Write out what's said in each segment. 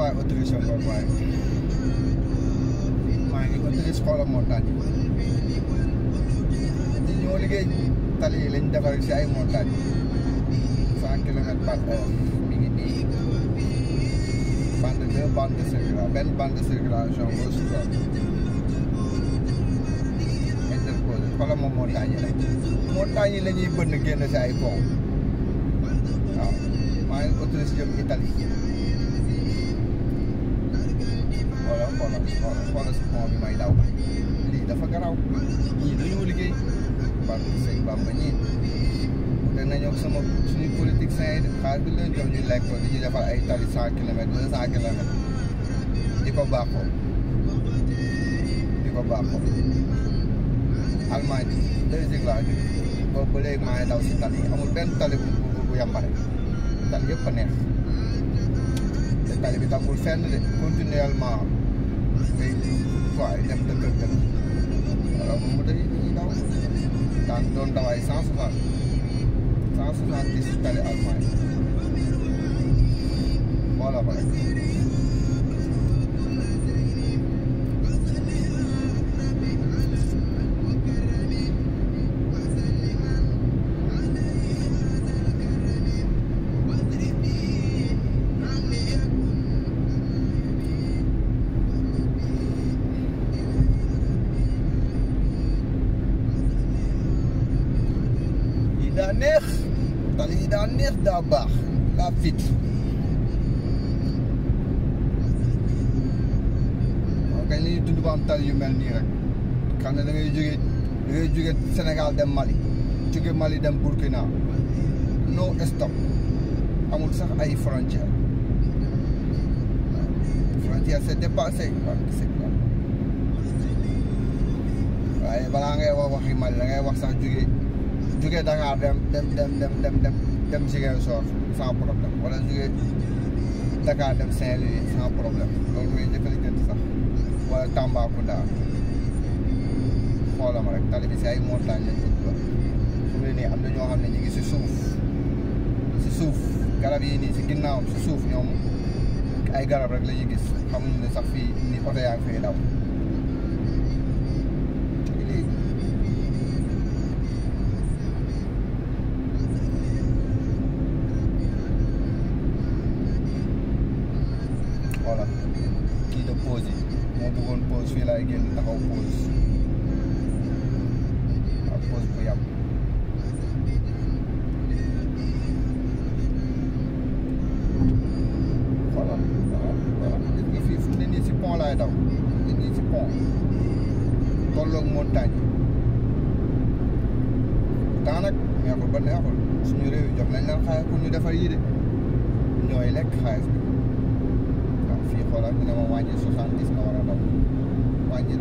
waaye autorise loolu waaye maa ngi autorise xoola montagne yi ñoo liggéey tali yi lañ defar si ay montagne cent kilomètres par heure uh, mi ngi nii bande deux uh, bande de circulation benn bande de circulation gauche droite interposé xoola moom montagne yi la montagne yi la ñuy bënn génn si ay pont waaw ah, maa ngi autorise jëm Italie xoolal xoolal xoolal may daw lii dafa garaw ñii dañoo liggéey parce que sëñ Bamba ñii te nañoo sama suñu politique saa yi xaalis bi leen jox ñu di ñu defal ay tali cent kilomètres deux cent kilomètres di ko baaxoo di ko baaxoo Allemagne deux laa jóg boobu ba léegi maa ngi daw tali amul benn tali bu bu yambare tali yëpp a neex te tali bi tàmbul fenn de continuellement gis ngay lii fois yi dem dëkk ak dëkk alors moom mu dañuy dañuy daw daan doon daw ay cent soixante cent soixante dix tali Allemagne xoolal ko rek daa neex baax daa fit waaw kay li ñuy yu mel nii rek xam ne da ngay jóge da ngay dem Mali jóge Mali dem Burkina no stop amul sax ay frontière frontière c'est dépassé quoi c'est waaye balaa ngay wax waxi Mali da ngay wax sax jóge jóge dem dem dem dem Ziguinchor sans problème wala jógee Dakar dem saint sans problème loolu mooy njëkk a lijjanti sax wala Tambacounda xoolam rek tali si ay montagne lañ ko dugal na ñoo xam ne ñu ngi si suuf si suuf garab yi nii si ginnaaw si suuf ñoom ay garab rek la ñuy gis xamuñu ne sax fii ni oto yaa ngi daw xoolal kii de pause yi moo bëggoon pause fii laay génn taxaw pause ak pause bu yàpp xoolal xoolal gis nga fii fu ne nii si pont laay daw nit ñi si pont tolloog montagne temps nag neexul ba neexul suñu réew yi jox nañ leen xaalis pour ñu defar yii de ñooy lekk xaalis xoolal ñu ne ma wàññi soixante dix nga war a daw wàññi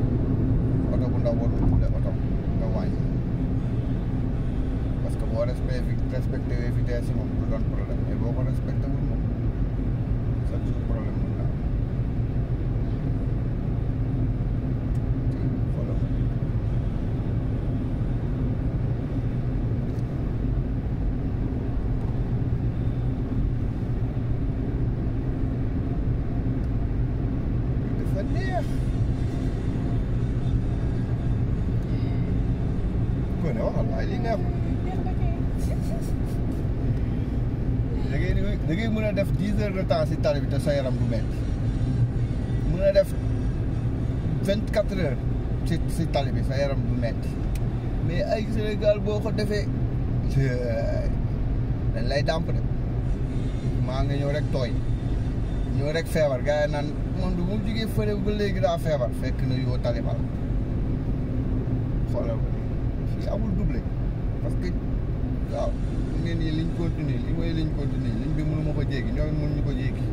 oto bu ndaw warul double oto nga wàññi parce que boo respecté respecté vitesse yi moom du doon problème eh, mais boo ko respecté wul moom chaque jour problème Kunnen hoor, dat leidt niet naar. léegi mën a def dix heures de temps si tali bi te sa yaram du métti mën a def vingt quatre heures si si bi sa yaram du métti mais ay Sénégal boo ko defee dañ lay dàmp de maa nga ñëw rek tooy. ñëw rek feebar gaa yi naan moom du mu jógee fële ba léegi daa feebar fekk na yoo taliba la xoolal fii amul parce que waaw ngeen yi liñ continuer li mooy liñ continuer liñ bi mënu ma ko jéggi ñoom ñu ko jéggi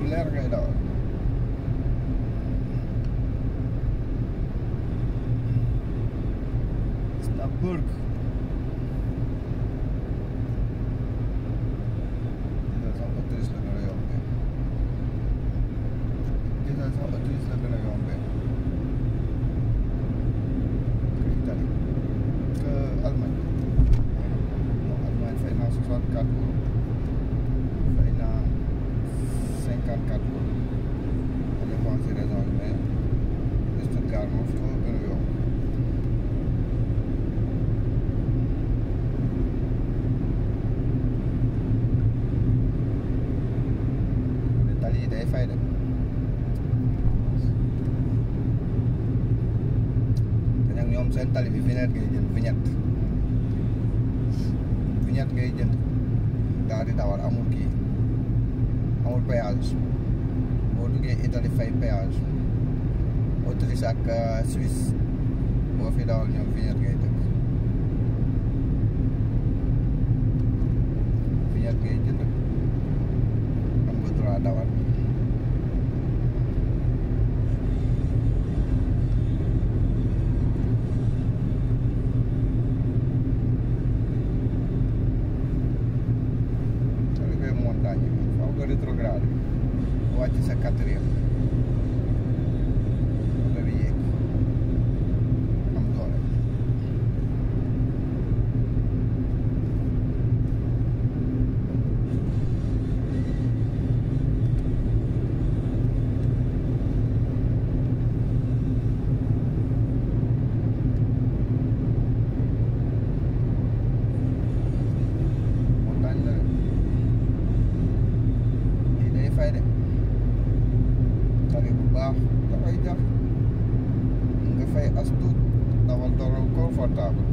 lu leer ngay dawal ñaar ngay jënd vignette vignette ngay jënd daal di dawal amul kii amul péage boo duggee Italie fay péage Autriche ak euh, Suisse boo fi dawal ñoom vignette ngay dëkk vignette ngay jënd am nga droit dawal koy jàpp nga fay as tuut dawal dawal confortable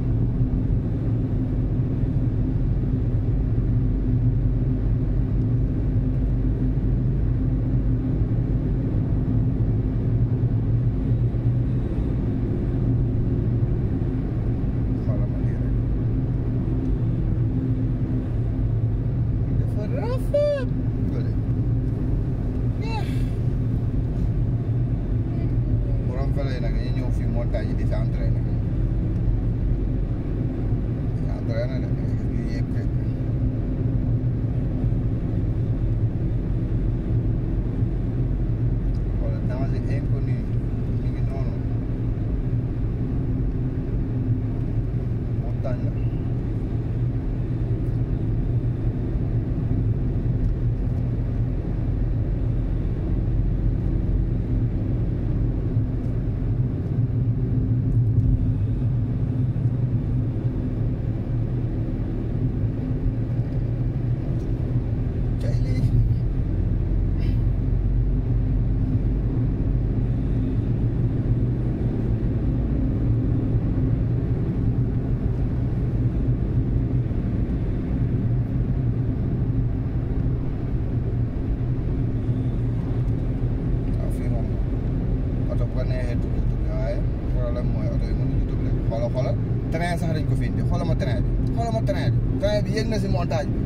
génn na si montage bi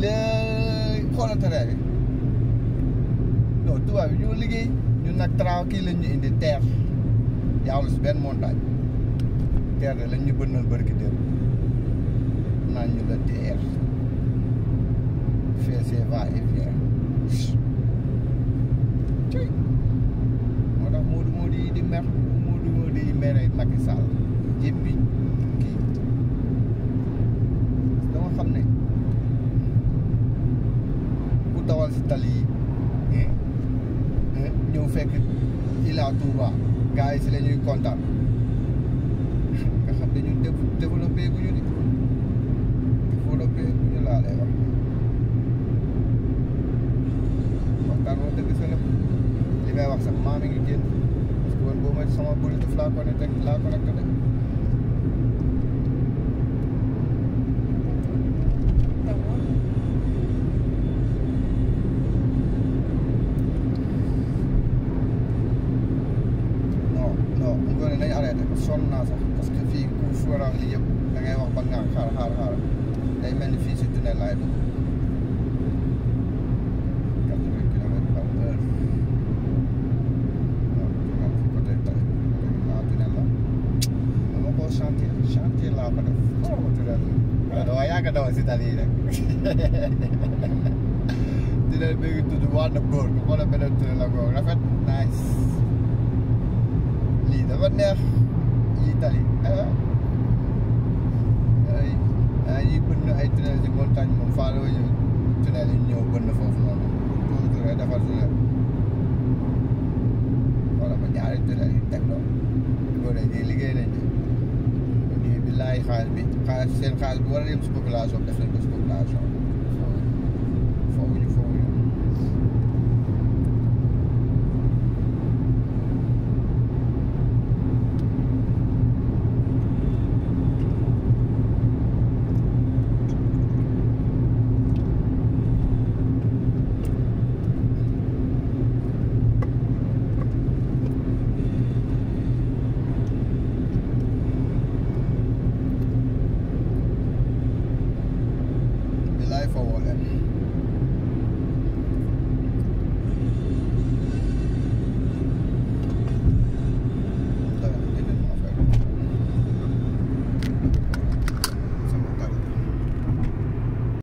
léegi xoolal traité non tubaab ñoo liggéey ñun nag tra kii lañ indi terre yaawul si benn montage terre lañ ñu bënnal barki dér naan ñu la terre feesee va et vient moo tax Modou Modou yi di mer Modou Modou yi mere Macky Sall jéppi tali yi eh, eh, ñëw fekk Ila Touba gars yi si la ñuy kontaan nga xam ne ñun développé gu ñu ni laa lay wax waxtaan woon dëgg sa lépp li may wax sax maa mi ngi génn parce que woon boo ma sama bëri daf sonn naa sax parce que fii ku fuuraam li yëpp da ngay wax ba nga xaar xaar xaar day mel ni fii si tunnel laay dugg quatre-vingts kilomètres par heure chantier chantier laa ko def waaw tunnel la dama yàgg daw si tali yi rek tunnel bi ngi tudd waa na góor nga xoolal beneen tunnel la góor rafet nice lii dafa neex ñuy tali ay ay ñuy bënn ay tunnel ci montagne moom faalo ñu tunnel yi ñëw foofu noonu toujours rek defar tunnel wala ba ñaari tunnel yi teg loolu loolu ñuy liggéey nañ ci ñu billaay xaalis bi xaalis seen xaalis bi war a dem si population def nañ ko si population foofu ñu foofu ñu